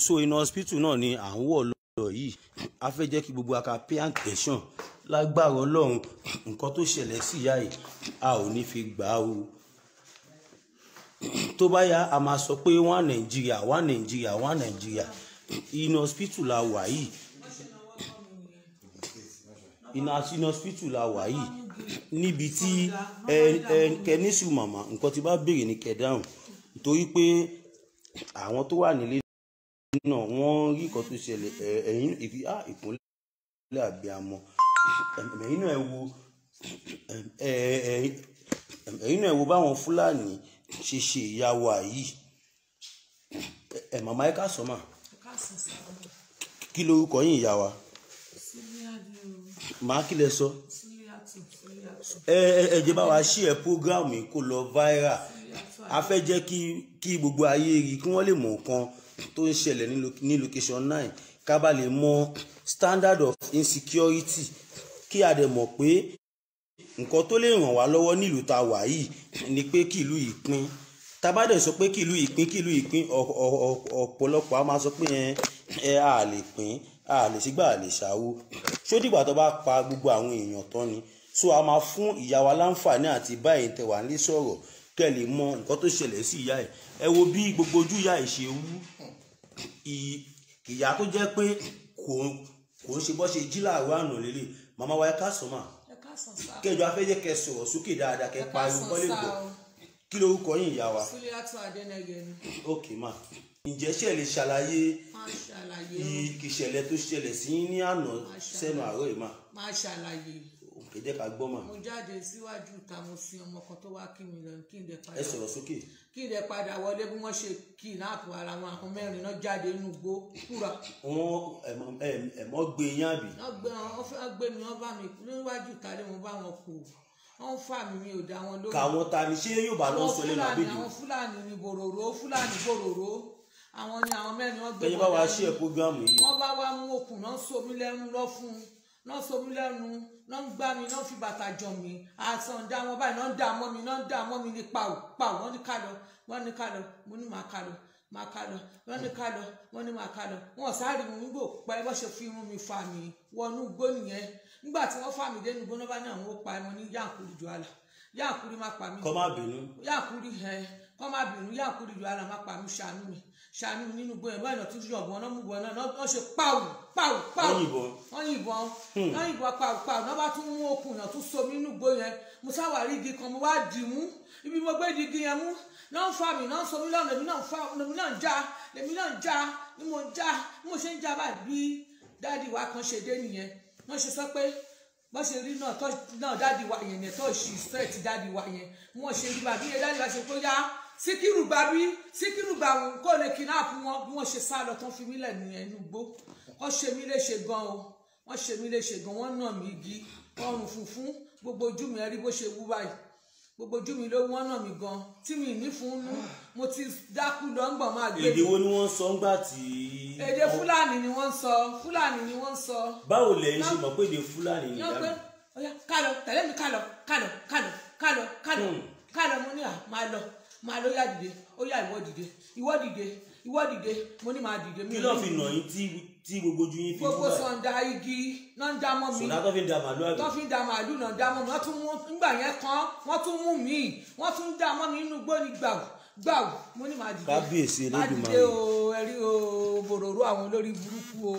so inú hospital náà ni à ń wọ̀ lọ yìí a fẹ́ jẹ́ kí gbogbo aka pay attention lágbára ọlọ́run nǹkan tó ṣẹlẹ̀ sí ìyá yìí a ò ní fi gbà á o tó bá yá a máa sọ pé wá nàìjíríà wá nàìjíríà wá nàìjíríà inú hospital la wà yìí inú hospital la wà yìí níbi tí ẹ ẹ kẹ ní sùn màmá nǹkan tí bá béèrè ní kẹ dáhùn torí pé àwọn tó wà nílé náà wọ́n rí nǹkan tó ṣẹlẹ̀ ẹ̀yìn ìfi á ìpínlẹ̀ àbíamọ ẹ̀yìn náà ẹ wo ẹ̀yìn náà ẹ wo báwọn fúlàní ṣe ṣe ìyàwó àyí ẹ̀ màmá ẹ káàsán mà kí lorúkọ yín ìyá wa màá kí lẹ sọ ẹ ẹ jẹ́ bá wa ṣí ẹ program kó lọ viral a fẹ́ jẹ́ kí gbogbo ayé rí kí wọ́n lè mọ̀ nǹkan tó ń ṣẹlẹ̀ ní location nine ká bá lè mọ standard of insecurity kí a dẹ̀ mọ̀ pé nǹkan tó lè ràn wá lọ́wọ́ nílùú tá wà yìí ni pé kí ìlú yìí pín tá bá dẹ̀ sọ pé kí ìlú yìí pín kí ìlú yìí pín ọ̀pọ̀lọpọ̀ a máa sọ pé ẹ a lè pín a lè sígbà a lè ṣàwo ṣó tó bá pa gbogbo àwọn èèyàn tán ni so a máa fún ìyá wa láǹfààní àti báyìí tẹwà ní sọ̀rọ̀ kẹ́ lè mọ nǹkan tó ṣẹlẹ̀ sí ìyá ẹ̀ ẹ wo bí gbogbo ojú ìyá ẹ̀ ṣe wú ìyá tó jẹ́ pé kò kò ń ṣe bọ́ ṣe jí làárọ̀ àná lélẹ̀ màmá wa ẹ káàsán mà kẹjọ afẹ́jẹ́ kẹ sọ̀rọ̀ sókè dáadáa kẹ pariwo kọ́ lè gbọ́ kí lorúkọ yín ìyá wa. Suliyatu Adenege ni. ok ma ǹjẹ́ ṣe lè ṣàlàyé ìṣẹ̀lẹ̀ tó ṣẹlẹ̀ sí ní àná sẹ́nu àárọ̀ yìí mà. máa ṣàlàyé ẹ jẹ́ ká gbọ́ mà. mo jáde síwájú ta mo sin ọmọ kan tó wá kí mi lọ kí n dẹ padà. ẹ sọ̀rọ̀ sókè. kí n dẹ padà wọlé bí wọ́n ṣe kidnap ara wọn àwọn mẹ́rin náà jáde inú igbó kúra. wọn ẹ̀mọ́ gbé yín àbí. wọn fẹ́ gbé mi wọ́n bá mi níwájú ta lé mo bá wọn kú wọ́n fà mí mi ò dá wọn lórí. kàwọn ta ni ṣé yóò bá lọ sọ lẹ́nu àbíjì. àwọn fúlàní ni bòròró fúlàní bòròró àwọn ni àwọn mẹ́rin wọ́n gbé wọn dání. ẹ̀yin bá wa ṣe ẹ̀ náà somi mí lẹ́nu náà ń gbá mi náà fi bàtà jọ mi àsàn dá wọn báyìí náà ń dá mọ́ mi náà ń dá mọ́ mi ní pàwọ́ pàwọ́ wọ́n ní ká lọ wọ́n ní ká lọ mo ní màá ká lọ màá ká lọ wọ́n ní ká lọ wọ́n ní màá ká lọ wọ́n sáré mi nígbò pa ẹ bọ́ ṣe fi irun mi fa mi wọnú igbó nìyẹn nígbà tí wọ́n fà mí dénú igbó náà bá ní àwọn ó pa ẹ mo ní yáàkúrì ju àlà yáàkúrì má pa mí. kọ́ má bínú. yáàkúrì ẹ kọ́ má bínú yáàkúrì ju àlà má pa mí ṣàánú mi ṣàánú nínú gbọ́ ẹ̀rọ ìlọ̀tí ju ọ̀gbọ́n náà mú gbọ́n náà wọ́n ṣe pàwù pàwù pàwù wọ́n yìnbọn hmm. wọ́n yìnbọn pàwù pàwù náà bá tún mú okùn náà tún so nínú gbọ́ yẹn mo igi kan mo wá dì mú ibi mo gbé di igi yẹn mú náà ń fa mi náà ń so mi lọ́nà èmi náà ń fa èmi náà ń já èmi náà ń já ni mo ń já ni mo ṣe ń já báyìí bí dáàdi wa kan ṣe dé nìyẹn wọ́n ṣe sọ pé bọ́n ṣe rí náà tó ṣì straight wa yẹn wọ́n ṣe síkírù gba bí síkírù gba òun kó lè kidnap wọn bí wọ́n ṣe sá lọ tán fi mí lẹ̀ nìyẹn inú gbó wọ́n ṣe mí léṣe gan o wọ́n ṣe mí léṣe gan wọ́n nà mí igi ọrùn funfun gbogbo ojú mi rí bó ṣe wú báyìí gbogbo ojú mi ló wọ́n nà mí gan tí mi ní fún mo ti dákú lọ́ngbọ̀n máa gbé. èdè wo ni wọ́n sọ ńgbà tí. èdè fúlàní ni wọ́n sọ fúlàní ni wọ́n sọ. báwo lẹ ń ṣe mọ̀ pé èdè fúlàní ni ìyá mi. kálọ tẹ̀lé mi kálọ kálọ kálọ kálọ kálọ hmm. kálọ mo ní à máa lọ máa ló yá dìde ó yá ìwọ dìde ìwọ dìde ìwọ dìde mo ní máa dìde. kí ló fi nà yín tí tí gbogbo ojú yín fi kú báyìí. gbogbo sọ̀ǹda igi náà ń dá mọ́ mi. sọ̀dá tó fi da màálù àgbẹ̀. tó fi da màálù náà dá mọ́ mi wọ́n tún mú nígbà yẹn kan wọ́n tún mú mi wọ́n tún dá mọ́ mi nínú gbóni gbàù gbàù mo ní máa dìde. kábíyèsí elédùnmáà máa dìde o ẹrí o bòròró àwọn olórí burúkú o.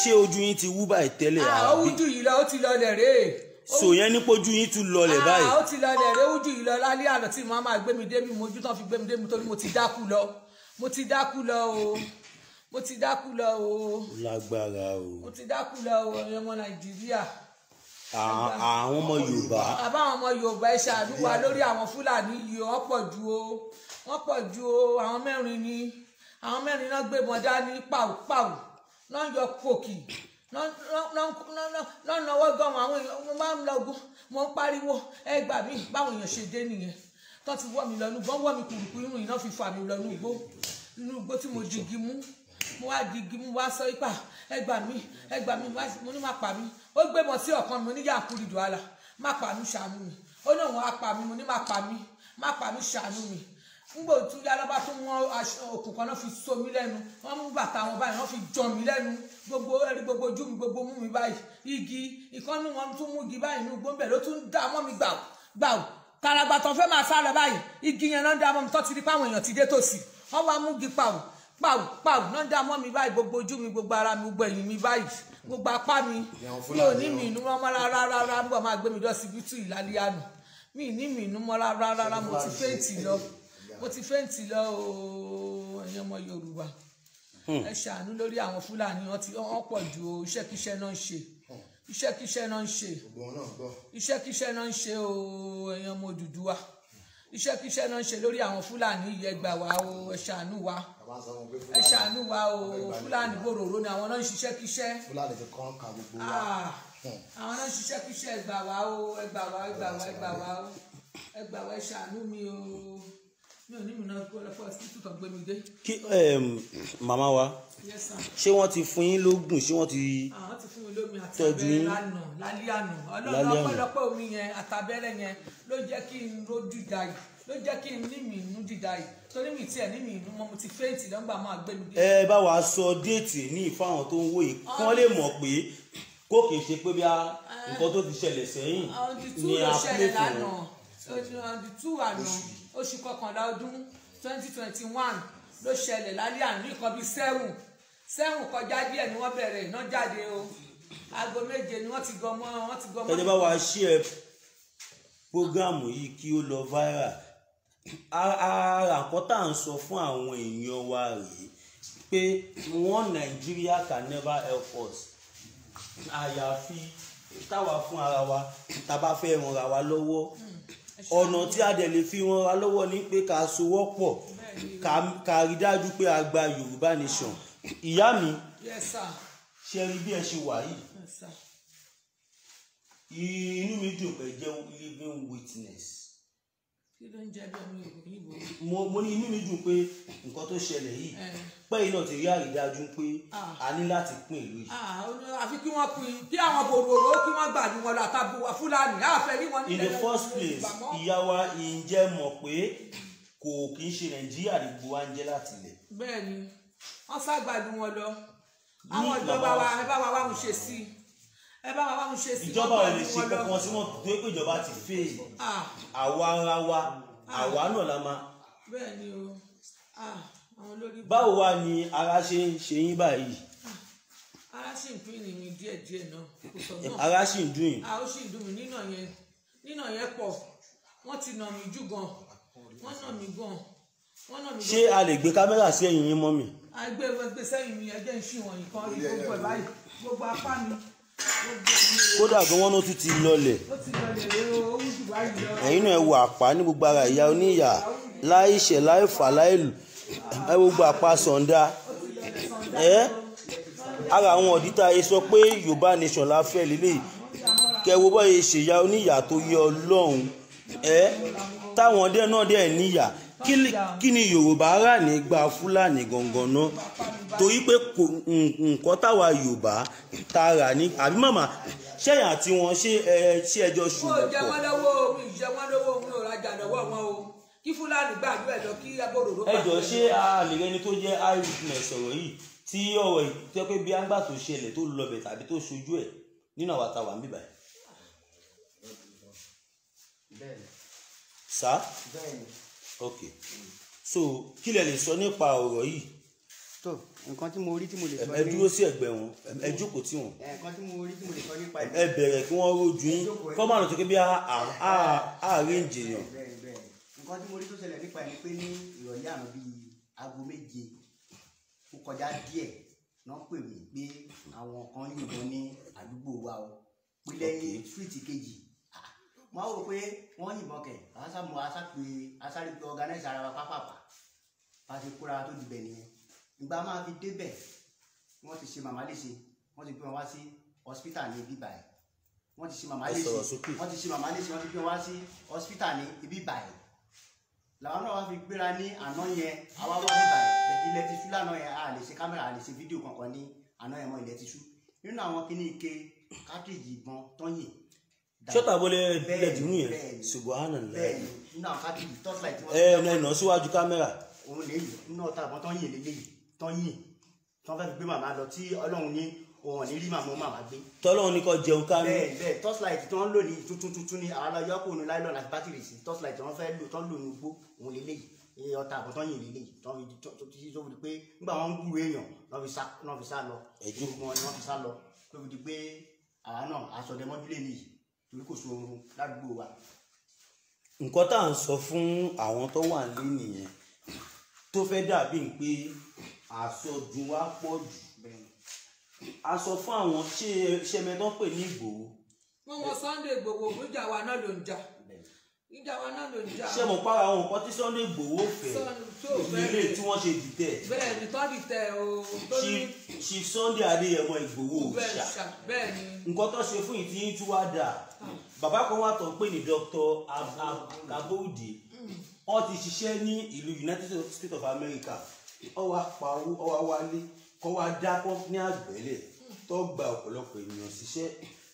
ṣé ojú yín ti wú báyìí tẹ́lẹ̀ ah, àbí. àwọn ojú yìí lọ ó ti lọ lẹ̀ rèé so yẹn ní pójú yín tún lọlẹ̀ ah, báyìí. ó ti lọlẹ̀ réwújú yìí lọ lálẹ́ àná tí màmá gbé mi dé mi mojú tán fi gbé mi dé mi torí mo ti dákú lọ mo ti dákú lọ o mo ti dákú lọ o. ó lágbára o. mo ti dákú lọ o ọmọ nàìjíríà àwọn ọmọ yorùbá. bàbá àwọn ọmọ yorùbá ẹ ṣàánú wa lórí àwọn fúlàní yìí wọ́n pọ̀ ju o wọ́n pọ̀ ju o àwọn mẹ́rin ni àwọn mẹ́rin náà gbé mọ dání pàwùpàwù náà yọ kòkì lọ́nàwọ́ gan àwọn èèyàn mo máa ń lọgun mo ń pariwo ẹ gbà mí báwọn èèyàn ṣe dé nìyẹn tó ti wọ́ mi lọ́nu gbọ́n wọ́ mi kùrùkù irun iná fi fà mí lọ́nu igbó inú igbó tí mo digi mú mo wá digi mú wá sọ ipa ah, ẹ gbà mí ẹ gbà mí mo ní má pa mí ó gbé mọ sí ọ̀kan mi oníyà kúrìdò àlà má pa mí ṣàánú mi ó náà wọn á pa mí mo ní má pa mí má pa mí ṣàánú mi ńgbò tún yá lọ́ba tún wọn òkùn kan náà fi so mí lẹ́nu wọ́n mú bàtà wọn báyìí wọ́n fi jọ mí lẹ́nu gbogbo ẹ̀rí gbogbo ojú mi gbogbo mú mi báyìí igi ìkànnì wọn tún mú igi báyìí inú gbọ́nbẹ̀ ló tún dá mọ́ mi gbàù gbàù kàràgbà tó fẹ́ máa sá lọ báyìí igi yẹn náà dá mọ́ mi tó ti rí páwọn èèyàn ti dé tòsí wọ́n wá mú igi pàù pàù pàù náà dá mọ́ mi báyìí gbogbo ojú mi gbogbo ara mi gbogbo ẹ̀yìn mi báyìí gbogbo apá mi mi ò ní mi ìnú mọ́ rárá rárá ń máa gbé mi lọ síbítù ìlàlíyanu mi ì ní mi ìnú mọ́ rárá rárá mo ti fẹ́ǹtì lọ ó ti fẹ́ǹtì lọ ooo ẹ̀yin ọmọ Yorùbá hmm. ẹ ṣàánú lórí àwọn Fúlàní wọn ti wọn pọ̀ ju iṣẹ́kíṣẹ́ náà ń ṣe hmm. iṣẹ́kíṣẹ́ náà ń ṣe iṣẹ́kíṣẹ́ náà ń ṣe ooo ẹ̀yin ọmọ Odùduwà iṣẹ́kíṣẹ́ náà ń ṣe lórí àwọn Fúlàní yìí gbà wá o ẹ ṣàánú wa ẹ ṣàánú wa o Fúlàní gbòòrò ni àwọn náà ń ṣiṣẹ́ kíṣẹ́. Ah, hmm. àwọn náà ń ṣiṣẹ́ kíṣẹ́ ẹ gbà wá o ẹ gbà wá ẹ gbà wá ẹ gbà wá ẹ gbà wá ẹ ṣàánú mi o kí màmá wa ṣé wọ́n ti fún yín lóògùn ṣé wọ́n ti tọ́jú yín lálẹ́ àná ọlọ́run omi yẹn àtàbẹ́rẹ́ yẹn ló jẹ́ kí n rojú dà yìí ló jẹ́ kí n ní mi inú dídá yìí torí mi tiẹ̀ ní mi inú mọ́ mo ti fẹ́ǹtì lọ́gbà máa gbé mi ẹ bá wa sọ déètì ní ìfáwọn tó ń wò yìí kán lè mọ̀ pé kó kìí ṣe pé bí a nǹkan tó ti ṣẹlẹ̀ sẹ́yìn ni a pè fún un on uh, the two àná oṣù kọkànlá ọdún twenty twenty one ló ṣẹlẹ̀ lálẹ́ àná nǹkan bíi seven seven kọjá díẹ̀ ni wọ́n bẹ̀rẹ̀ iná jáde o aago méje ni wọ́n ti gọmọ wọ́n ti gọmọ. ẹni bá wa ṣí ẹ prógámù yìí kí ó lọ viral ara nǹkan tá à ń sọ fún àwọn èèyàn wa rèé pé one Nigeria can never help us àyàfi táwa fún ara wa tá a bá fẹ́ ran ara wa lọ́wọ́ hmm ọ̀nà tí a dẹ̀ lè fi wọn ra lọ́wọ́ ni pé ká sowọ́pọ̀ ká rí dájú pé a gba Yorùbá nation ìyá mi ṣe rí bí ẹ ṣe wà yìí inú mi dùn pé jẹ́ living witness mo mo ní inú mi dùn pé nǹkan tó ṣẹlẹ̀ yìí pé iná ti rí àrídájú pé a ní láti pín ìlú yìí. àfi kí wọ́n pín kí àwọn bòròrò kí wọ́n gbàdúrà wọn látàbù fúlàní àfẹ́ rí wọn in the first place ìyá wa ǹjẹ́ mọ̀ pé kò kì í ṣe nàìjíríà ní gbogbo wa ń jẹ́ láti ilẹ̀. bẹ́ẹ̀ni wọn ságbàdùn wọn lọ àwọn ìjọba wa ẹ bá wa wá ń ṣe sí i ẹ bá wa bá mi ṣe sí ìjọba ò lè ṣe kankan sí wọn tó pé ìjọba ti fè é ah. ah. àwa ara wa ah. àwa náà la máa. bẹ́ẹ̀ ni o àwọn olórí. báwo wá ni ara ṣe ń ṣe yín báyìí. ara ṣì ń pín ìrìn mi díẹ̀díẹ̀ náà kò sọ náà. ara ṣì ń dùn yín. a ó ṣì ń dùn mí nínà yẹn nínà yẹn pọ̀ wọ́n ti nà mí jù gan wọ́n nà mí gan wọ́n nà mí gan. ṣé a lè gbé kámẹ́rà sí ẹ̀yìn yín mọ́ mi. a gbé ẹgbẹ́ sẹ́yìn mi ẹgbẹ́ ìṣìwọ̀n nǹkan ìgbógbó ẹ̀ báyìí gbogbo apá mi kódà gan wọn tún ti lọlẹ̀ ẹ̀yin náà ẹ wo àpá ní gbogbo ara ìyá oníyà láìṣẹ̀ láìfà láìlù ẹ gbogbo àpá sọ̀ǹda ẹ ara àwọn ọ̀dítà yìí sọ pé yorùbá nation la fẹ́ lélẹ̀ kẹwo bọ́ yìí ṣèyá oníyà tó yẹ ọlọ́run ẹ táwọn dẹ́ náà dẹ́ níyà kí ni yorùbá rà nígbà fúlàní gangan náà torí pé nǹkan táwa yorùbá tá a rà ní àbí màmá ṣẹ́yìn àti wọn ṣé ẹ ṣé ẹjọ́ ṣùgbọ́n pọ̀. mo jẹ wọn lọ́wọ́ mi jẹ wọn lọ́wọ́ mi ò rajà lọ́wọ́ wọn o kí fúlàní gbàdúrà ẹjọ kí agbódòdó. ẹjọ ṣé àlè ni tó jẹ eyewitness ọ̀rọ̀ yìí tí ọ̀rọ̀ yìí pé bí àgbà tó ṣẹlẹ̀ tó lọbẹ tàbí tó ṣojú ẹ nínú àwọn àtàwà ń bíbà yìí. sá ok so kí lẹ lè sọ nípa ọ̀rọ̀ yìí. tó nǹkan tí mo rí tí mo lè sọ ní. ẹ dúró sí ẹ̀gbẹ́ wọn ẹ jókòó tì wọn. nǹkan tí mo rí tí mo lè sọ nípa ẹ. ẹ bẹ̀rẹ̀ kí wọ́n rojú yín kọ́ máa lọ tó ké bí àárín jèèyàn. nǹkan tí mo rí tó ṣẹlẹ̀ nípa ẹ̀ ni pé ní ìrọ̀lẹ́ àná bíi aago méje ó kọjá díẹ̀ náà pè mí pé àwọn kan yìnbọn ní àdúgbò wa o pé lẹ́yìn fíìtì kejì wọ́n wò pé wọ́n yìnbọn kẹ̀ àṣàmù àṣàpè àṣàrìpé organize ara wa pápápá bá ti kóra tó dìbẹ̀ nìyẹn ìgbà máa fi débẹ̀ wọ́n ti ṣe màmá léṣe wọ́n ti gbé wọn wá sí hospital ní ibi báyìí wọ́n ti ṣe màmá léṣe wọ́n ti ṣe màmá léṣe wọ́n ti gbé wọn wá sí hospital ní ibi báyìí làwọn náà wá fi gbéra ní àná yẹn àwa wá ní báyìí ẹ̀dí ilẹ̀ lánàá yẹn a lè ṣe kámẹ́rà a lè ṣe fídíò kankan ní àná yẹn mọ́ ilẹ̀ ti ṣú nínú àwọn kíní ike ìbọn tọ́yìn sọta bọlẹ bílẹ dùnú yẹn subuhana nla yẹn. náà ká dìbò torchlight wọn. ẹ ẹ nà síwájú kámẹ́rà. òun lè yìí náà ta àbọ̀ tán yìn lélẹ́yìí tán yìn tán fẹ́ fi gbé màmá lọ tí ọlọ́run ní òun ní rí màmá màmá gbé. tọ́lọ́run ní kò jẹun ká ní. bẹ́ẹ̀ bẹ́ẹ̀ torchlight tí wọ́n lò ní tuntun tuntun ni àwọn ọlọ́yọ́ kò ní láìlọ́ọ̀nù àti bátìrì sí torchlight tí wọ́n fẹ́ lò tán lò ní gbó òun lélẹ́yìí iye ọta àbọ̀ tán yìn lélẹ̀ tán fi tó fi pé nígbà wọn ń gbúrò èèyàn náà fi sá lọ ẹjú wọn ni wọn fi sá lọ tó fi di pé àwa náà aṣọ dẹmọdúlé nìyí torí kò sóorun ládùúgbò wa. nǹkan tá à ń sọ fún àwọn tó wà nílé nìyẹn tó fẹ́ dàbí pé àsọjù wa pọ̀ jù a sọ fún àwọn ṣe ṣẹmẹtọ́ pè ní Ìgbòho. wọ́n mọ Sunday Ìgbòho ògbójà wa náà ló ń jà ìjà wa náà ló ń jà. ṣé mo para àwọn nǹkan tí Sunday Igboho fẹ́ ìdílé tí wọ́n ṣe dìtẹ̀. bẹ́ẹ̀ ni tó dìtẹ̀ o. ṣì Sunday Adéyẹmọ Igboho ṣá nǹkan tó ṣe fún ìtìyín tí wàá dà bàbá kan wà tó ń pè ní Dr. Abode mm. wọ́n ti ṣiṣẹ́ ní ìlú United States of America ọwọ́ apawó ọwọ́ wálé kọ́ wá dá kọ́ńtínì àgbẹ̀lẹ̀ tó gba ọ̀pọ̀lọpọ̀ ènìyàn ṣiṣẹ́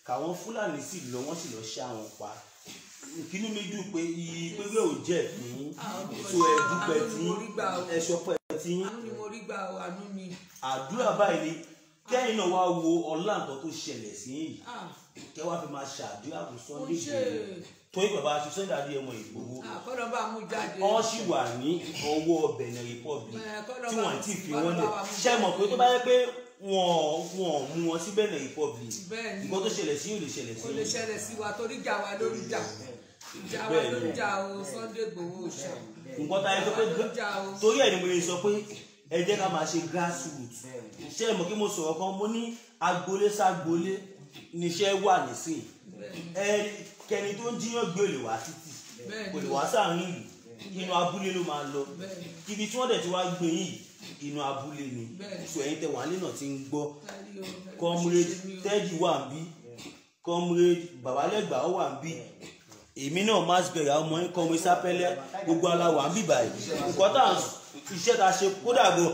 káwọn Fúlàní sì lọ wọ́n sì lọ ṣá wọn pa ìkínú mi dùn pé iye pépé ò jẹ́ fún so ah, ẹ dúpẹ́ ah, tí ẹ sọpẹ́ tí. Ah, àdúrà báyìí ni kẹ́yìn náà wá wo ọlá nǹkan tó ṣẹlẹ̀ sí yìí kẹ́ wá fi máa ṣàdúrà fún Sunday Igboho torí bàbá ṣiṣẹ́ ìdádé ọmọ Ìgbòho wọ́n sì wà ní ọwọ́ Benin Republic eh, tí wọ́n ti fi wọ́n lẹ̀ ṣe mọ̀ pé tó bá yẹ pé wọn wọn mú wọn sí Benin Republic nǹkan tó ṣẹlẹ̀ sí yóò lè lè ṣẹlẹ̀ sí wa ìjà wa ló jà o Sunday Igboho ṣá nǹkan tá a yẹ sọ pé torí ẹ̀ ni mo yẹ sọ pé ẹ jẹ́ ká máa ṣe grassroot ṣé ẹ mọ̀ kí mo sọ̀rọ̀ kan mo ní agboolé ságboolé níṣẹ́ wà nísìn ẹ kẹni tó ń jiyàn gbé olè wá títì olè wá sàárín ìlú inú abúlé ló máa lọ ibi tí wọ́n dẹ̀ ti wá gbé yìí inú abúlé ni sọ ẹ̀yin tẹ wàá lẹ́nà tí ń gbọ́ comrade tẹ́jì wà ń bí comrade babalẹ́gbà wà ń bí èmi náà Masberry àwọn ọmọ yín Conway Sapele gbogbo aláwọ̀ àbíbà yìí nǹkan tá à ń iṣẹ́ ta ṣe kó dàgbò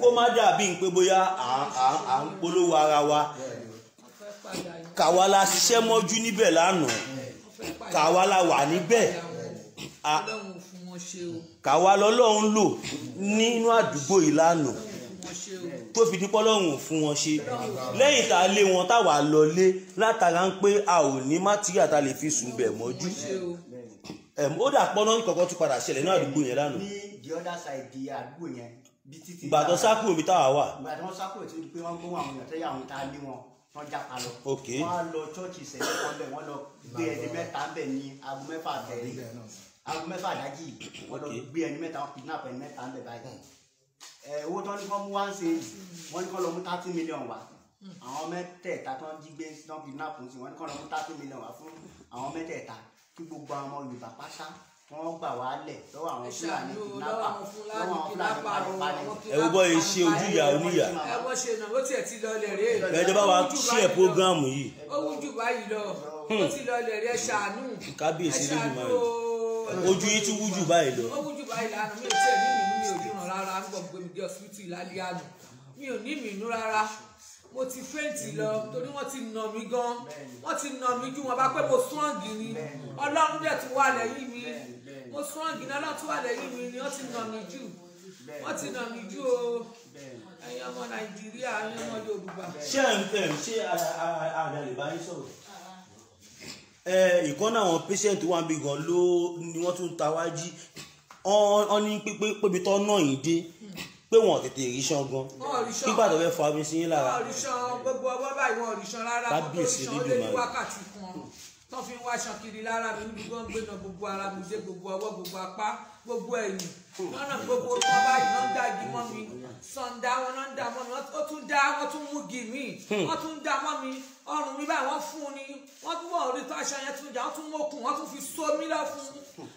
kó má dàbí ń pé bóyá à ń polówó ara wa kàwa la ṣiṣẹ́ mọ́jú níbẹ̀ lánàá kàwa la wà níbẹ̀ kàwa lọ́lọ́run lò nínú àdúgbò yìí lánàá tó fi dípọ́ lọ́rùn fún wọn ṣe lẹ́yìn tá a lé wọn táwa lọ lé látara ń pé a ò ní mátírà tá a lè fi sùn bẹ̀ mọ́jú ó dà pọ́nà kọ̀ọ̀kan tún padà ṣẹlẹ̀ ní àdúgbò yẹn lánàá. ní the other side di àdúgbò yẹn bí títí. ìbàdàn sákò omi táwa wà. ìbàdàn sákò tí ó di pé wọ́n gbóhùn àwọn èèyàn tẹ́yà àwọn tá a lé wọn wọ́n japa lọ. ok wọ́n á lọ chọ́ọ̀chì ìṣẹ̀lẹ̀ kan bẹ̀ wọ́n lọ gbé ẹni mẹ́ta bẹ̀ ní aago mẹ́fà bẹ̀rẹ̀ aago mẹ́fà dájì wọ́n lọ gbé ẹni mẹ́ta wọ́n kidnap ẹni mẹ́ta bẹ̀ báyìí owó tán ní kán mú wá ń ṣe wọ́n ní kán lọ mú thirty million wá àwọn mẹ́tẹ̀ẹ̀ta tán jí gbé tán kidnap sí wọ́n ní kán lọ mú thirty million wá fún àwọn mẹ́tẹ̀ẹ̀ta kí gbogbo àwọn ọmọ Yorùbá pátá wọ́n gbà wá lẹ̀ lọ́wọ́ àwọn fúlàní kìnnápà lọ́wọ́ àwọn fúlàní panípaní. ẹ wo bọ́ yìí ṣe ojú ìyá oníyà. ẹ wọ́n ṣe náà ó tiẹ̀ ti lọ lẹ̀ rẹ̀. ẹjọ́ bá wa ṣí ẹ̀ prógráàmù yìí. ó wù jù báyìí lọ ó hmm. ti lọ lẹ̀ rẹ̀ ṣàánú. kábíyèsí lójú máa ń ojú yìí tún wù jù báyìí lọ. ó wù jù báyìí lánàá mi ò tẹ̀lé lọ gbé mi dé ọsibítù ìlàlẹ́ àná mi ò ní ìmìnú rárá mo ti fẹ́ǹtì lọ torí wọ́n ti nà mí gan wọ́n ti nà mí ju wọn bá pẹ́ mo sọ́ǹgì ni ọlọ́run dẹ̀ tún wà lẹ́yìn mi mo sọ́ǹgì ni ọlọ́run tún wà lẹ́yìn mi ni wọ́n ti nà mí jù wọ́n ti nà mí jù o ẹ̀yin ọmọ nàìjíríà ẹ̀yin ọmọ yorùbá. ṣé ẹ ṣe ààrẹ lè bá yín sọ̀rọ̀ ìkọ́nà àwọn patient wa bí gan ló ni wọ́n tún ta wá jí ọ ní pé pébi tọ́ náà yìí dé pé wọn tètè rí iṣan gan nígbà tó fẹ́ fọ abin sí yín lára. wọn ò rí iṣan gbogbo ọwọ́ báyìí wọn ò rí iṣan rárá wọn tó iṣan ó lé ní wákàtí kan tó fi ń wáṣan kiri lára mi níbi wọn gbé náà gbogbo ara mi dé gbogbo ọwọ́ gbogbo apá gbogbo ẹ̀yìn lọ́nà gbogbo ọmọ báyìí wọ́n ń dá igi mọ́ mi sọ̀ǹda wọn náà ń dá mọ́ mi wọ́n tún dá wọ́n tún mú gi mi hmm. wọ́n tún dá mọ́ mi ọrùn mi báyìí wọ́n fún ni wọ́n tún wọ́n rí tó aṣọ yẹn tún jà wọ́n tún mọ́kùn wọ́n tún fi so mí lọ fún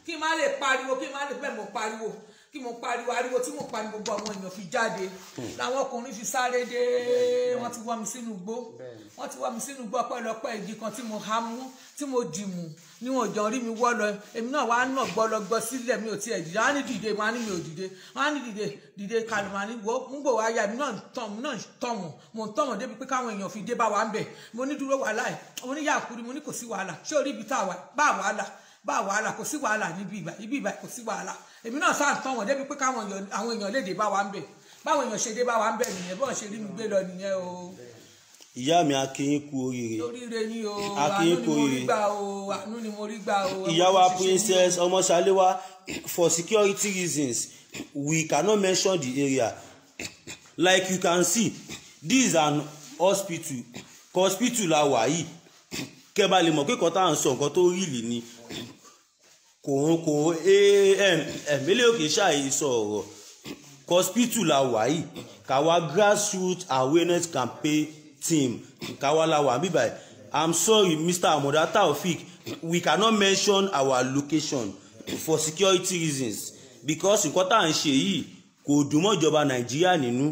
kí n má lè pariwo kí n má lè bẹ́ẹ̀ mọ̀ pariwo kí mo pariwo ariwo tí mo pariwo gbogbo àwọn èèyàn fi jáde hmm. làwọn ọkùnrin fi sáré dé wọ́n ti wá mi sínú igbó wọ́n ti wá mi sínú igbó ọpẹ́lọpẹ́ igi kan tí mo há mú tí mo dìmú ni wọn ò rí mi wọ́ lọ èmi náà wàá nà gbọlọgbọ sílẹ̀ mi ò tiẹ̀ dìde wọ́n á ní dìde wọ́n á ní mi ò dìde wọ́n á ní dìde dìde kàlùmọ ní wo ń gbò wá ya èmi náà tàn mí náà tàn wọn mò ń tàn wọn débi pé káwọn èèyàn fi dé bá wa ń bẹ mo ní dúró wàhálà ẹ mo ní yà kúri mo ní kò sí wàhálà ṣé orí ibi tá a wà bá wàhálà bá wàhálà kò sí wàhálà níbi ìgbà ibi ìgbà kò sí wàhálà èmi náà sáà tán wọn débi pé káwọn èèyàn lè dé bá wa ń bẹ báwọn èèyàn ṣe dé bá wa ń bẹ nìyẹn bọ́n ṣe mi gbé lọ nìyẹn o. ìyá mi akínyín kú oríire akínyín kú oríire ìyá wa princess ọmọṣaléwá for security reasons we cannot mention the area like you can see this is an hospital hospital la wà yìí kẹ́ bá lè mọ̀ pé kọ́tà ń sọ nǹkan tó rí lè ní kò ń kò ẹ̀mílẹ̀ eh, òkè ṣàìsọ ọ̀rọ̀ hospital la wà yìí káwa grassroots awareness campaign team káwa la wà bíbáyìí i'm sorry mr amoda taofik we cannot mention our location for security reasons because nǹkan tá à ń ṣe yìí kò dùn mọ́ ìjọba nàìjíríà nínú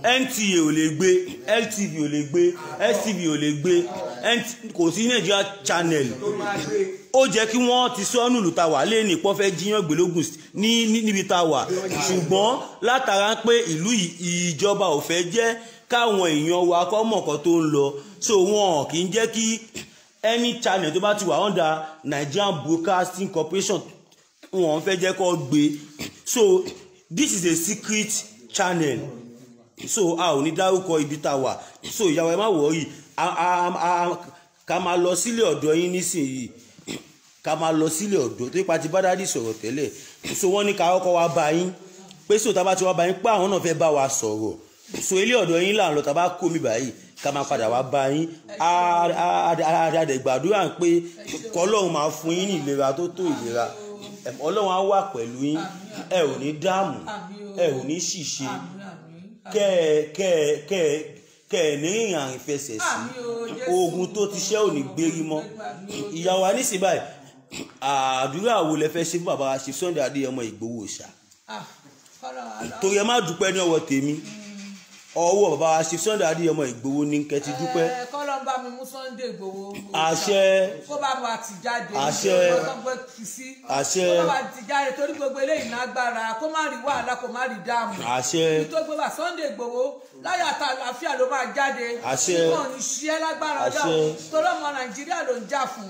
nta ò lè gbé ltv ò lè gbé stv ò lè gbé kò sí Nigeria channel ó jẹ́ kí wọ́n ti sọ́nù lùtà wà lé ní pọ́fẹ́ jíyàn gbèlógún níbi tá a wà ṣùgbọ́n látara pé ìlú ìjọba ò fẹ́ jẹ́ káwọn èèyàn wa kọ́ mọ̀kọ́ tó ń lọ so wọn kì í jẹ́ kí any channel tó bá ti wà under Nigerian Broadcasting Corporation wọn fẹ́ jẹ́ kó gbé so this is a secret channel so a ò ní dárúkọ ibi tá a wà so ìyàwó ẹ má wọ̀ọ́rì ká máa lọ sílé ọ̀dọ̀ yín nísìnyí ká máa lọ sílé ọ̀dọ̀ tó ipa ti bá dádì sọ̀rọ̀ tẹ́lẹ̀ so wọ́n ní ká kọ́kọ́ wá bá yín pé so tá bá ti wá bá yín pé àwọn náà fẹ́ bá wa sọ̀rọ̀ so ilé ọ̀dọ̀ yín là ń lọ tá bá kó mi báyìí ká máa padà wá bá yín àdàgbàdúrà pé kọ́lọ́hún máa fún yín ní ìlera tó tó ìlera ọlọ́run á wà pẹ̀lú yín ẹ ò ní dààmú ẹ ò ní ṣìṣe kẹ́ ẹ kẹ́ kẹ̀ẹ̀ní ìhàn ìfẹsẹ̀ sí ogun tó ti ṣẹ́ òní gbérí mọ́ ìyá wa ní síbáyì àdúrà wo lẹ fẹ́ ṣe fún bàbá ṣe Sunday Adéyẹmọ Ìgbòho ṣá ah, torí ẹ má dúpẹ́ ní ọwọ́ tèmi hmm. ọwọ́ bàbá ṣe Sunday Adéyẹmọ Ìgbòho ní kẹ́ ti dúpẹ́. ẹ eh, kọ́ Ọlọ́run bá mi mú Sunday Igboho àṣẹ kó bá wa tì jáde àṣẹ kó bá wa tì jáde torí gbogbo eléyìí lágbára kó má rí wàhálà kó má rí dààmú àṣẹ kí tó gbé wa Sunday Igboho láyà tá àlàáfíà ló máa jáde àṣẹ kí wọn ní ṣiẹ́ lágbára Ọlọ́run torí ọmọ Nàìjíríà ló ń jà fún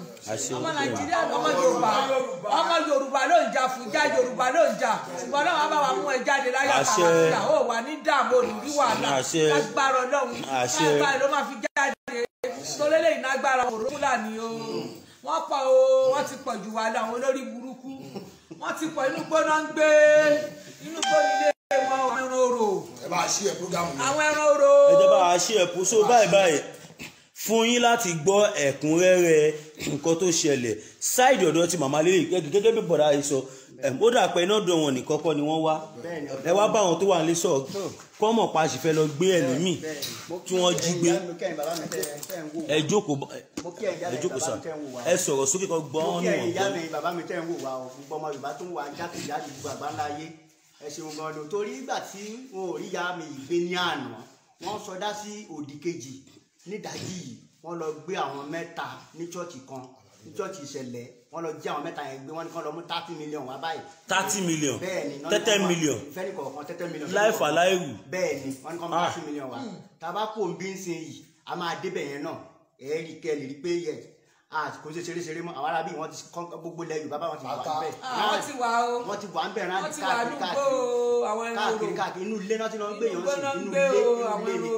ọmọ Nàìjíríà ọmọ Yorùbá ọmọ Yorùbá ló ń jà fún já Yorùbá ló ń jà ṣùgbọ́n náà wàá bá wa mú ẹ jáde láyà tá àlàáfíà ó wà ní dààmú òní wàhálà torí lè nágbára òró fúlàní o wọ́n pọ̀ o wọ́n ti pọ̀ jù wá lọ olórí burúkú wọ́n ti pọ̀ inú gbóná ń gbé inú gbóni lé wọn àwọn ẹran orò. ẹ bá a ṣí ẹ púrógámù yẹn. àwọn ẹran orò. ẹ a ṣí ẹ pú báyìí báyìí fún yín láti gbọ́ ẹ̀kúnrẹ́rẹ́ nǹkan tó ṣẹlẹ̀ ṣáìdì ọ̀dọ̀ ti màmá lélẹ̀ gẹ́gẹ́ bí bọ̀dá yìí sọ ó dà pé iná dùn wọn nìkan kọ́ ni wọ́n wá ẹ wá bá àwọn tó wà nílé sọ̀rọ̀ hmm. kọ́mọ̀ pa àṣìfẹ́ lọ gbé ẹlòmíì tí wọ́n jí gbé ẹ jókòó ẹ jókòó sà ẹ sọ̀rọ̀ sókè kan gbọ́ ọ́n níwọ̀n. ìyá mi bàbá mi tẹ̀ ń o gbogbo ọmọ Yorùbá tó ń wà jákèjádò gbogbo àgbáńlá ayé ẹ ṣeun gan ló torí ìgbà tí wọn ò rí ìyá mi ìgbé ní àná wọn sọdá sí òdì kejì nídàájí yìí wọn lọ gbé àwọn mẹ́ta ní chọ́ọ̀chì kan ní chọ́ọ̀chì ìṣẹ̀lẹ̀ wọ́n lọ jí àwọn mẹ́ta yẹn gbé wọ́n ní kán lọ mú thirty million wá báyìí. thirty million bẹ́ẹ̀ni tẹ́tẹ́ million fẹ́ni kọ̀ọ̀kan tẹ́tẹ́ million. láìfà láìwù. bẹ́ẹ̀ni wọ́n ní kán mú ah. thirty million wá. tabako ń bí yìí a máa débẹ̀ yẹn náà ẹ̀ẹ́rì kẹ́lì rí pé yẹ Ah, kò ṣe ṣeré ṣeré mọ́ àwọn arábí wọn ti kọ́ gbogbo ilẹ̀ yorùbá wọn ti wà ń bẹ̀. àwọn ti wà o wọn ti wà ń bẹ̀ rántí káàkiri káàkiri káàkiri káàkiri inú ilé náà ti lọ ń gbé yẹn sí inú ilé inú ilé ni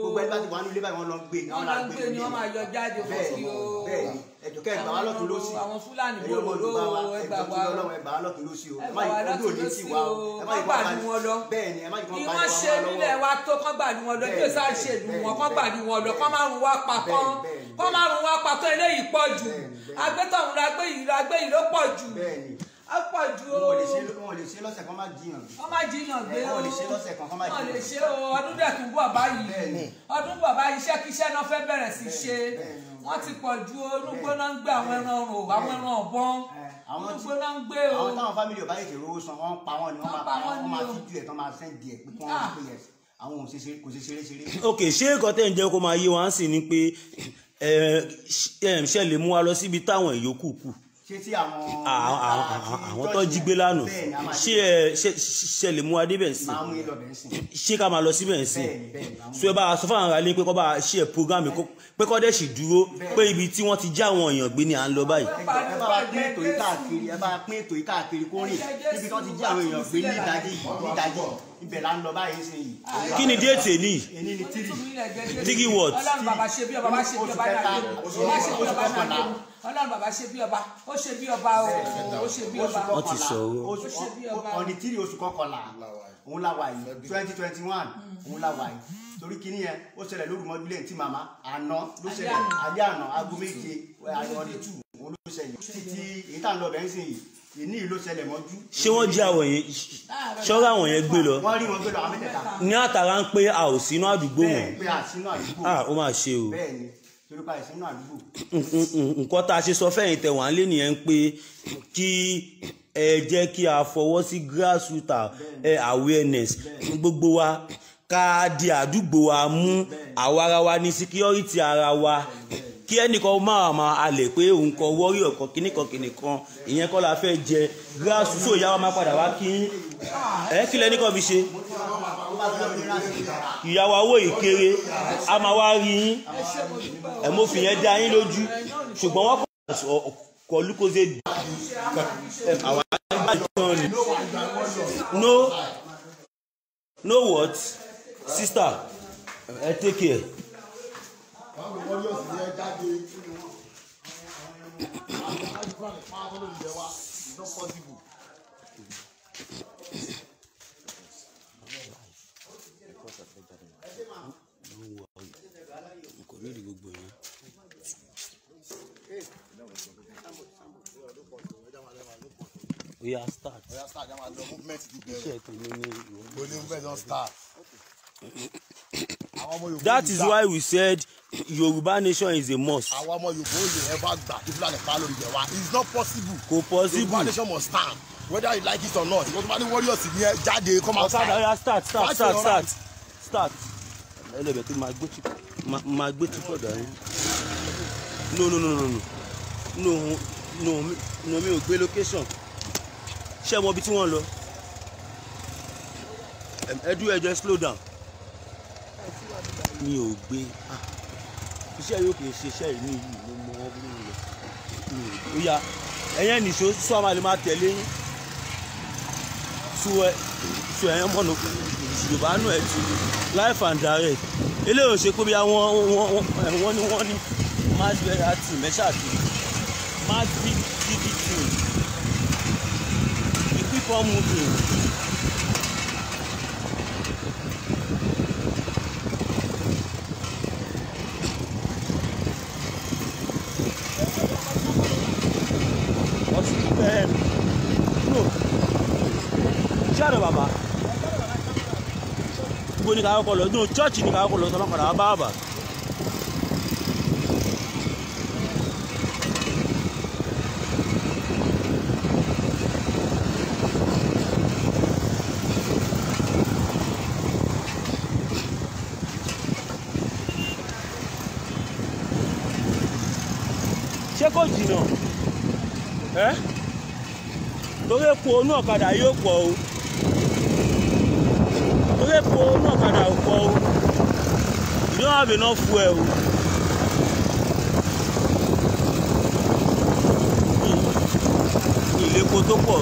gbogbo ẹni bá ti wà nínú ilé báyìí wọn lọ ń gbé ni wọn lọ ń gbé ni wọn máa yọ jáde fún sí o. bẹ́ẹ̀ ni ẹjọ kẹ ẹgbàá lọtún ló sí àwọn fúlàní bòlòdó ẹgbàá ẹgbàá lọtún ló sí o ẹgbàá wa ló sí o kọ́ gbàdú wọn lọ bí wọ́n ṣe nílẹ̀ wa kọ́ márùn wa pàtó eléyìí pọ̀ jù agbẹ́tọ̀hún la gbé yìí la gbé yìí ló pọ̀ jù ó pọ̀ jù o. wọn lè ṣe lọ́sẹ̀ kan má jiyàn wọ́n má jiyàn gbé o. wọn lè ṣe lọ́sẹ̀ kan má jiyàn gbé. lè ṣe o ọdún dẹ̀ tún bọ̀ báyìí ọdún bọ̀ báyìí iṣẹ́ kíṣẹ́ náà fẹ́ bẹ̀rẹ̀ sí ṣe wọ́n ti pọ̀ ju olúgbó náà ń gbé àwọn ẹran ọ̀rọ̀ àwọn ẹran ọ̀bọ́n olúgbó náà ń gbé o. àwọn táwọn fámìlì ọ̀bá ètò ìrówó san wọ́n pa wọ́n ni wọ́n máa fi ju ẹ̀ tán máa sẹ́ǹdì ẹ̀ pé kí wọ́n máa pè yẹ àwọn kò ṣe ṣeré ṣeré. ok ṣé nǹkan tẹ́ ń kó máa yé wa ń sìn ni pé ṣe lè mú wa lọ síbi táwọn ìyókù kù ṣé tí àwọn. àwọn tó jí gbé lánàá ṣé ẹ ṣe lè mú adé bẹ́ẹ̀ sìn ṣé ká máa lọ síbẹ̀ ń sìn so ẹ bá sọ fún àwọn ará ilé pé kọ́ bá ṣe ẹ programme pé kọ́ dẹ̀ sì dúró pé ibi tí wọ́n ti já àwọn èèyàn gbé ni à ń lọ báyìí. ẹ bá pín ètò yìí káàkiri ẹ bá pín ètò yìí káàkiri kó rìn níbi tí wọ́n ti já àwọn èèyàn gbé ní ìdájí ìdájí ibẹ̀ la ń lọ báyìí sí yìí. kí ni déètì èní. èní ni ọlọ́run bàbá ṣe bí ọba ọlọ́run bàbá ṣe bí ọba ó ṣe bí ọba o ó ṣe bí ọba ó ti sọ̀rọ̀ ó ṣe bí ọba ọ̀nì tírì oṣù kọkànlá mm. òun la wà yìí twenty twenty one mm. òun la wà yìí torí kíní yẹn ó ṣẹlẹ̀ lórúmọdún lẹ́yìn tí màmá àná ló ṣẹlẹ̀ alẹ́ àná aago méje ọ̀nì tù òun ló ṣẹlẹ̀ títí èyí tá à ń lọ bẹ́ẹ̀ sìn yìí ìní ìlú ṣẹlẹ̀ mọ́jú. ṣé wọ́n jí àwọn yẹn ṣọ́ra àwọn yẹn gbé lọ. wọ́n rí wọn gbé lọ àwọn mẹ́tẹ̀ẹ̀ta. ní àtàrà ń pé a ò sínú àdúgbò wọn. bẹ́ẹ̀ pé a sínú àdúgbò. Ah, ó máa ṣe o. bẹ́ẹ̀ ni torí pa ìsinú àdúgbò. nǹkan tá a ṣe sọ fẹ́yìn tẹ̀ wá lé nìyẹn ń pé kí ẹ jẹ́ kí a fọwọ́ sí grassroot awareness gbogbo wa ká di àdúgbò wa mú àwa wa ní security ara wa kí ẹnìkan máa máa alẹ̀ pé òun kan wọ́rí ọ̀kan kìíní kan kìíní kan ìyẹn kọ́ la fẹ́ jẹ grassroot yàrá máa padà wá kí ẹ kí lẹ́nìkan fi ṣe ìyàwó owó ìkéré a máa wá rí yín ẹ mo fi dá yín lójú ṣùgbọ́n wọ́n kọ lukoze bí àwọn àgbà ìtàn ni no no what sister ẹ take care. It's not possible. ó yá start ó yá start yà máa movement ti bẹ̀rẹ̀ iṣẹ́ tèmi ni ìwọ ní movement don start. that is why we said Yoruba nation is a must. àwọn ọmọ Yorùbá ò lè ever gbà kí Fúlàní pa lórí ilẹ̀ it's not possible. kò possible Yoruba nation must stand whether you like it or not Yorùbá ní warriors ní ẹ jáde come outside. ọ̀sán start start start start start ẹlẹ́bẹ̀ tó máa gbé chip máa gbé chip ọ̀dà yín no no no no no no no mi ò gbé location ṣé mọ ibi tí wọ́n lọ ẹdú ẹjọ slow down mi ò gbé ah, iṣẹ́ yóò kì í ṣe iṣẹ́ ìní yìí mo mọ ọ́ mi lọ mi ò gbé ó yá ẹ̀yẹ́ nìṣó sọ àmà lè máa tẹ̀lé yín tu ẹ̀yẹ́ mọ̀nà yorùbá nù ẹ̀ tu life and direct eléyìí ṣe pé bí wọ́n wọ́n ní wọ́n ní mass media team ẹ̀ ṣáà ti mass big tv team before moving. ṣáàrọ̀ bàbá gbogbo ní káàkọ́ lọ ní chọ́ọ̀chì ní káàkọ́ lọ sọ́lọ́pàá bàbá ṣé kò jìnnà ẹ́ torí epo onú ọ̀kadà yóò pọ̀ o torí epo onú ọ̀kadà ò pọ̀ o you don't have enough fuel o. ìlépo tó pọ̀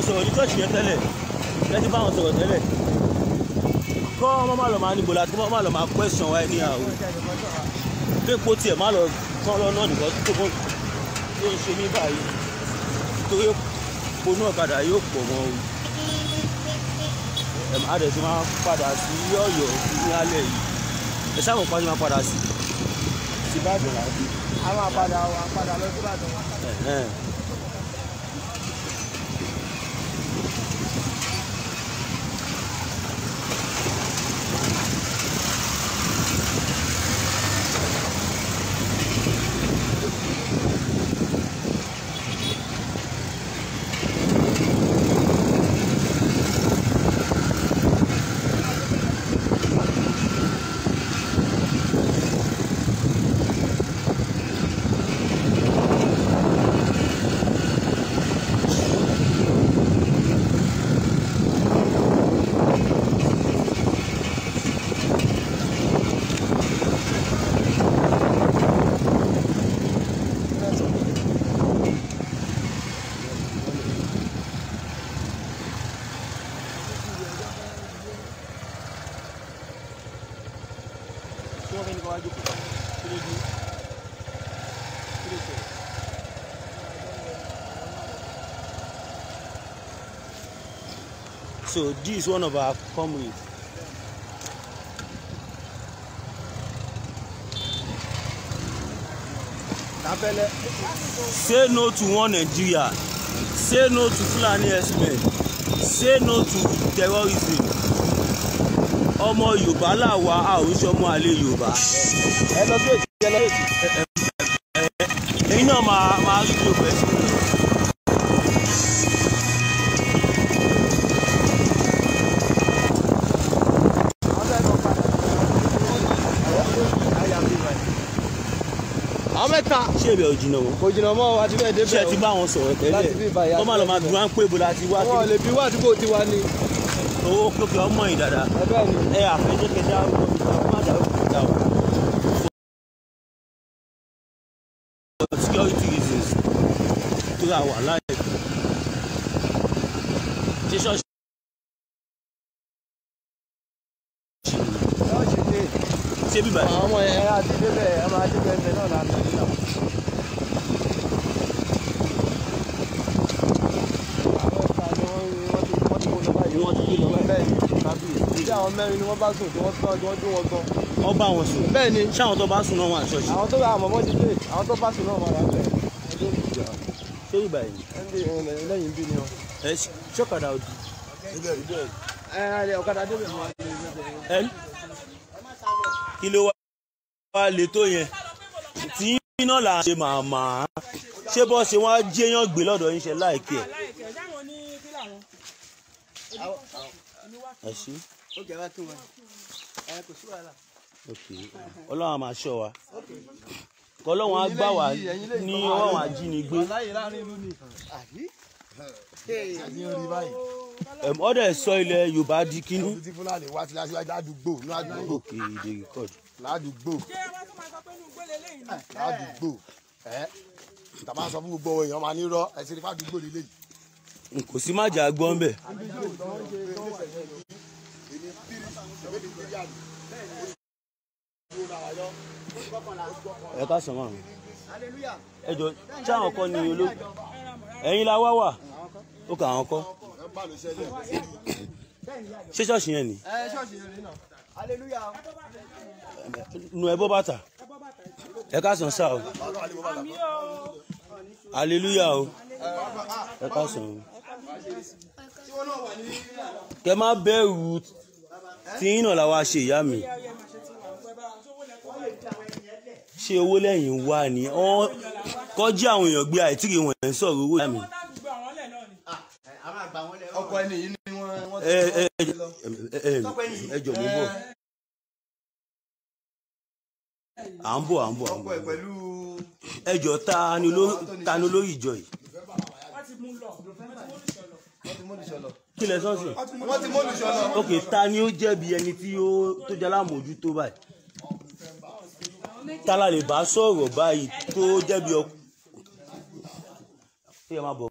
wọn sọ̀rọ̀ ní ṣọ́ọ̀ṣì yẹn tẹ́lẹ̀ lẹ́tí bá wọn sọ̀rọ̀ tẹ́lẹ̀ kọ́ ọmọ má lọ máa níbo láti kọ́ ọmọ má lọ máa question wa ní àwọn kéèpo tiẹ̀ má lọ kán lọ́nà nìkan tó kọ́ tó ń ṣe ní báyìí torí epo náà padà yóò pọ̀ mọ́ o adẹ̀ tó máa padà sí ọ̀yọ́ ní alẹ́ yìí ẹ̀ sáwọn kan máa padà sí. ti bá dùn láti. a máa lọ sí Ìbàdàn wá. tí wọ́n fẹ́ nípa wájú kúta kí So this is one of our comrades. Say no to one Nigeria. Say no to Fulani herdsmen. Say no to terrorism ọmọ yorùbá là wá a ò ń ṣọmọ àlè yorùbá. ẹ lọ sí èsì ẹ lọ sí èsì. èyí náà máa máa rí yorùbá ẹ fún mi. àwọn mẹ́ta. ṣé ibẹ̀ ò jìnnà wọn. kò jìnnà mọ́ wa ti bẹ́ẹ̀ débẹ̀ o. ṣé ẹ ti bá wọn sọ̀rọ̀ tẹ́lẹ̀. láti bí ìbáyà. wọ́n máa lọ máa dùn án pé ibo la ti wá. wọ́n lè fi wá àdúgbò tiwa ni ó pépé ọmọ yìí dáadáa ẹ àfẹjẹkẹ dá ọmọ àdàrú dá o. for security reasons tó ra wà láàyè. Jesus ṣe bíbá. àwọn ọmọ ẹ̀ ẹ́ adé débẹ̀ ẹ̀ máa débẹ̀ bẹ̀ náà láti rí náà. ni wọ́n ti gbé lọ. bẹ́ẹ̀ni kábíyèsí. ṣé àwọn mẹ́rin ni wọ́n bá sùn tí wọ́n tán tí wọ́n jó wọn gan. wọ́n ṣé àwọn tó bá sùn náà wà ṣọ́ọ̀ṣì. àwọn tó bá àmọ́ dídé àwọn tó bá sùn náà wà lábẹ́. ṣé ìgbà yìí. lẹ́yìn bí ni o. ẹ ṣọ́kadà òdì. ọ̀kadà débẹ̀ mọ́. kí ló wá lè tó yẹn tí iná là ń ṣe màmá ṣé bọ́ ṣe wọ́n á jí gbé lọ́dọ̀ yín ṣe láìpẹ́ ẹ ó jẹ́ wá kí wọ́n ẹ kò sí wàhálà. ọlọ́run a máa ṣọ́ wa kọlọ́run á gbà wá ní ọwọ́ àwọn ajínigbé. ọdẹ sọ ilẹ̀ yorùbá di kínní. ọdún tí fúlàní wá ti láti wájú àdúgbò ní àdúgbò. òkè ládùúgbò. ládùúgbò. ẹ tàbá sọ fún gbogbo èèyàn máa ní rọ ẹ sì fàdúgbò nílé kò sí má jà gbọ́n bẹ̀. ẹ ká sọ mọ́ mi ẹ jọ táwọn kọ́ ni olú ẹ̀yin la wá wà ó kà àwọn kọ́ ṣé ṣọ́ọ̀ṣì yẹn ni. nu ẹ bọ́ bàtà ẹ ká sàn sáà o hallelujah o ẹ ká sàn o kẹ má bẹ̀rù tí iná làwa ṣe ìyá mi ṣé owó lẹ́yìn wá ni kọjá àwọn èèyàn gbé àìtíkì wọn ẹ̀ ń sọ̀rọ̀ owó ìyá mi. ọkọ ẹni yìí ni wọ́n ti sọ pé ẹ jọ à ń bọ̀ à ń bọ̀ à ń bọ̀ ẹjọ́ ta ni olórí ìjọ yìí kí lẹ sọ sí. ok ta ni ó jẹ̀bi ẹni tí ó tó jẹ́ alámòójútó báyìí. tálà lè bá sọ̀rọ̀ báyìí tó jẹ̀bi ọkọ̀. ó yẹ máa bọ̀.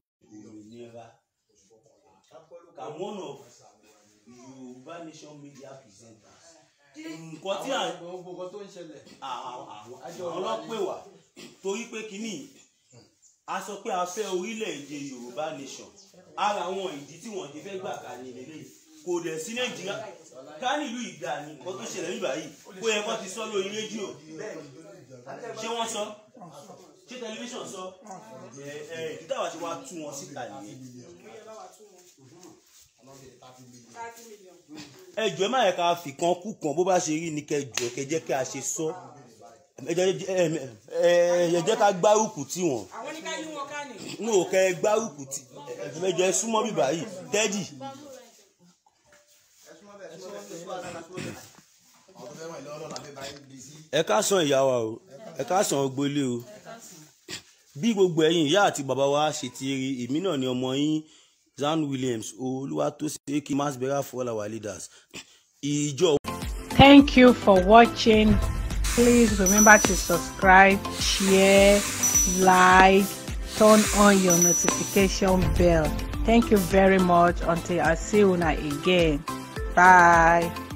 I'm one of Yorùbá Nation media presenters. nǹkan tí à àwọn ọlọ́pẹ wà torí pé kínní a sọ pé a fẹ́ orílẹ̀-èdè Yorùbá Nation ara àwọn ìdí tí wọ́n ti fẹ́ gbà ká ní lélẹ̀ kò dẹ̀ sí nàìjíríà ká nílùú ìgbà ni nǹkan tó ṣẹlẹ̀ nígbà yìí kó yẹ kó ti sọ lórí rédíò ṣé wọ́n sọ ṣé tẹlifíṣàn sọ ẹ ẹ títà wá ṣe wá tú wọn síta nìyẹn. ẹ jọ̀ọ́ ẹ má yẹ ká fi kan kú kan bó bá ṣe rí ni kẹjọ kẹjẹ kí a ṣe sọ ẹ jẹ́ ká gbárùkù tí wọ́n. àwọn ní wọn ká ní. n ò kẹ́ gbárùkù tí ẹ̀sùn ẹ súnmọ́ bíbá yìí tẹ́dì. ẹ ká san ìyá wa o ẹ ká san ọgbọ́lé o bí gbogbo ẹ̀yin ìyá àti bàbá wa ṣe ti rí èmi náà ni ọmọ yín Zan Williams Oluwatosin Masbera for our leaders ìjọ. Thank you for watching. Please remember to subscribe, share, like. turn on your notification bell. Thank you very much. Until I see you again. Bye.